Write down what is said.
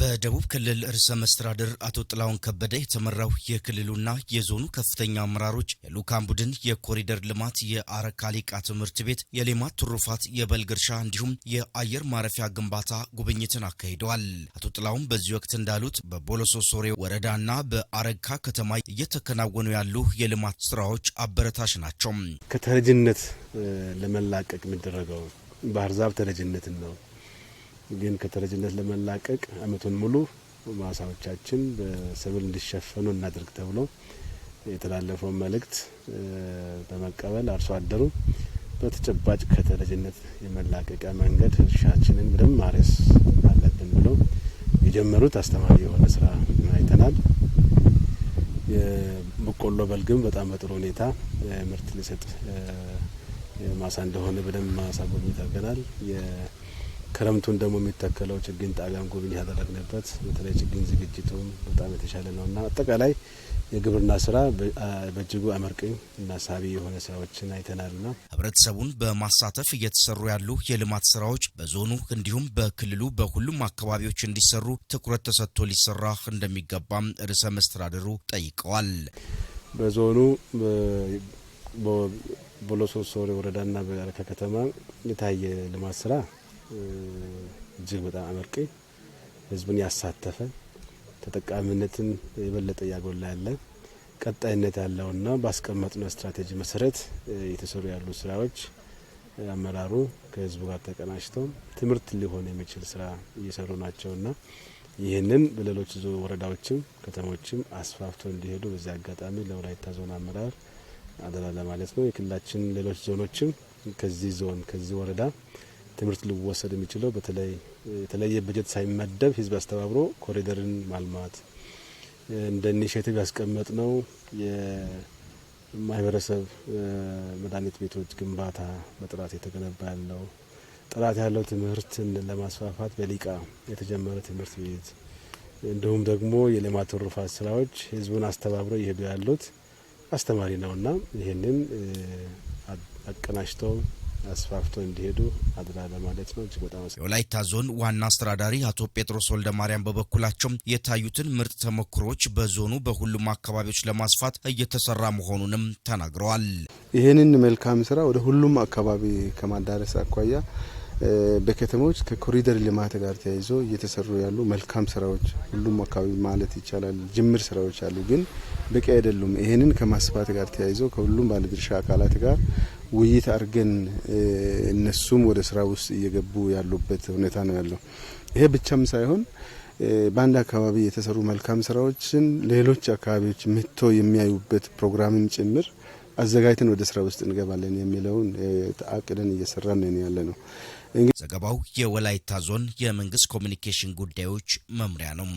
በደቡብ ክልል ርዕሰ መስተዳድር አቶ ጥላሁን ከበደ የተመራው የክልሉና የዞኑ ከፍተኛ አመራሮች የልዑካን ቡድን የኮሪደር ልማት፣ የአረካ ሊቃ ትምህርት ቤት፣ የሌማት ትሩፋት፣ የበልግ እርሻ እንዲሁም የአየር ማረፊያ ግንባታ ጉብኝትን አካሂደዋል። አቶ ጥላሁን በዚህ ወቅት እንዳሉት በቦሎሶ ሶሬ ወረዳና በአረካ ከተማ እየተከናወኑ ያሉ የልማት ስራዎች አበረታች ናቸው። ከተረጅነት ለመላቀቅ የሚደረገው ባህር ዛፍ ተረጅነትን ነው ግን ከተረጅነት ለመላቀቅ አመቱን ሙሉ ማሳዎቻችን በሰብል እንዲሸፈኑ እናድርግ ተብሎ የተላለፈውን መልእክት በመቀበል አርሶ አደሩ በተጨባጭ ከተረጅነት የመላቀቂያ መንገድ እርሻችንን በደንብ ማረስ አለብን ብሎ የጀመሩት አስተማሪ የሆነ ስራ አይተናል። የበቆሎ በልግም በጣም በጥሩ ሁኔታ ምርት ሊሰጥ ማሳ እንደሆነ በደንብ ማሳቦ ይታገናል። ክረምቱን ደግሞ የሚተከለው ችግኝ ጣቢያን ጉብኝ ያደረግንበት በተለይ ችግኝ ዝግጅቱ በጣም የተሻለ ነው እና አጠቃላይ የግብርና ስራ በእጅጉ አመርቂ እና ሳቢ የሆነ ስራዎችን ና ህብረተሰቡን በማሳተፍ እየተሰሩ ያሉ የልማት ስራዎች በዞኑ እንዲሁም በክልሉ በሁሉም አካባቢዎች እንዲሰሩ ትኩረት ተሰጥቶ ሊሰራ እንደሚገባም ርዕሰ መስተዳድሩ ጠይቀዋል። በዞኑ በሎሶሶ ወረዳና በአረካ ከተማ የታየ ልማት ስራ እጅግ በጣም አመርቂ ህዝብን ያሳተፈ ተጠቃሚነትን የበለጠ እያጎላ ያለ ቀጣይነት ያለውና ባስቀመጥነው ስትራቴጂ መሰረት የተሰሩ ያሉ ስራዎች አመራሩ ከህዝቡ ጋር ተቀናጅቶ ትምህርት ሊሆን የሚችል ስራ እየሰሩ ናቸውና ይህንን በሌሎች ወረዳዎችም ከተሞችም አስፋፍቶ እንዲሄዱ በዚህ አጋጣሚ ለወላይታ ዞን አመራር አደራ ለማለት ነው። የክልላችን ሌሎች ዞኖችም ከዚህ ዞን ከዚህ ወረዳ ትምህርት ሊወሰድ የሚችለው በተለይ የተለየ በጀት ሳይመደብ ህዝብ አስተባብሮ ኮሪደርን ማልማት እንደ ኢኒሽቲቭ ያስቀመጥ ነው የማህበረሰብ መድኃኒት ቤቶች ግንባታ በጥራት የተገነባ ያለው ጥራት ያለው ትምህርትን ለማስፋፋት በሊቃ የተጀመረ ትምህርት ቤት እንዲሁም ደግሞ የልማት ትሩፋት ስራዎች ህዝቡን አስተባብረው ይሄዱ ያሉት አስተማሪ ነውና ይህንን አቀናጅተው አስፋፍቶ እንዲሄዱ አድራ ለማለት ነው። እጅግ በጣም የወላይታ ዞን ዋና አስተዳዳሪ አቶ ጴጥሮስ ወልደ ማርያም በበኩላቸው የታዩትን ምርጥ ተመክሮች በዞኑ በሁሉም አካባቢዎች ለማስፋት እየተሰራ መሆኑንም ተናግረዋል። ይህንን መልካም ስራ ወደ ሁሉም አካባቢ ከማዳረስ አኳያ በከተሞች ከኮሪደር ልማት ጋር ተያይዞ እየተሰሩ ያሉ መልካም ስራዎች ሁሉም አካባቢ ማለት ይቻላል ጅምር ስራዎች አሉ፣ ግን በቂ አይደሉም። ይህንን ከማስፋት ጋር ተያይዞ ከሁሉም ባለድርሻ አካላት ጋር ውይይት አድርገን እነሱም ወደ ስራ ውስጥ እየገቡ ያሉበት ሁኔታ ነው ያለው። ይሄ ብቻም ሳይሆን በአንድ አካባቢ የተሰሩ መልካም ስራዎችን ሌሎች አካባቢዎች ምቶ የሚያዩበት ፕሮግራምም ጭምር አዘጋጅተን ወደ ስራ ውስጥ እንገባለን የሚለውን አቅደን እየሰራን ያለ ነው። ዘገባው የወላይታ ዞን የመንግስት ኮሚኒኬሽን ጉዳዮች መምሪያ ነው።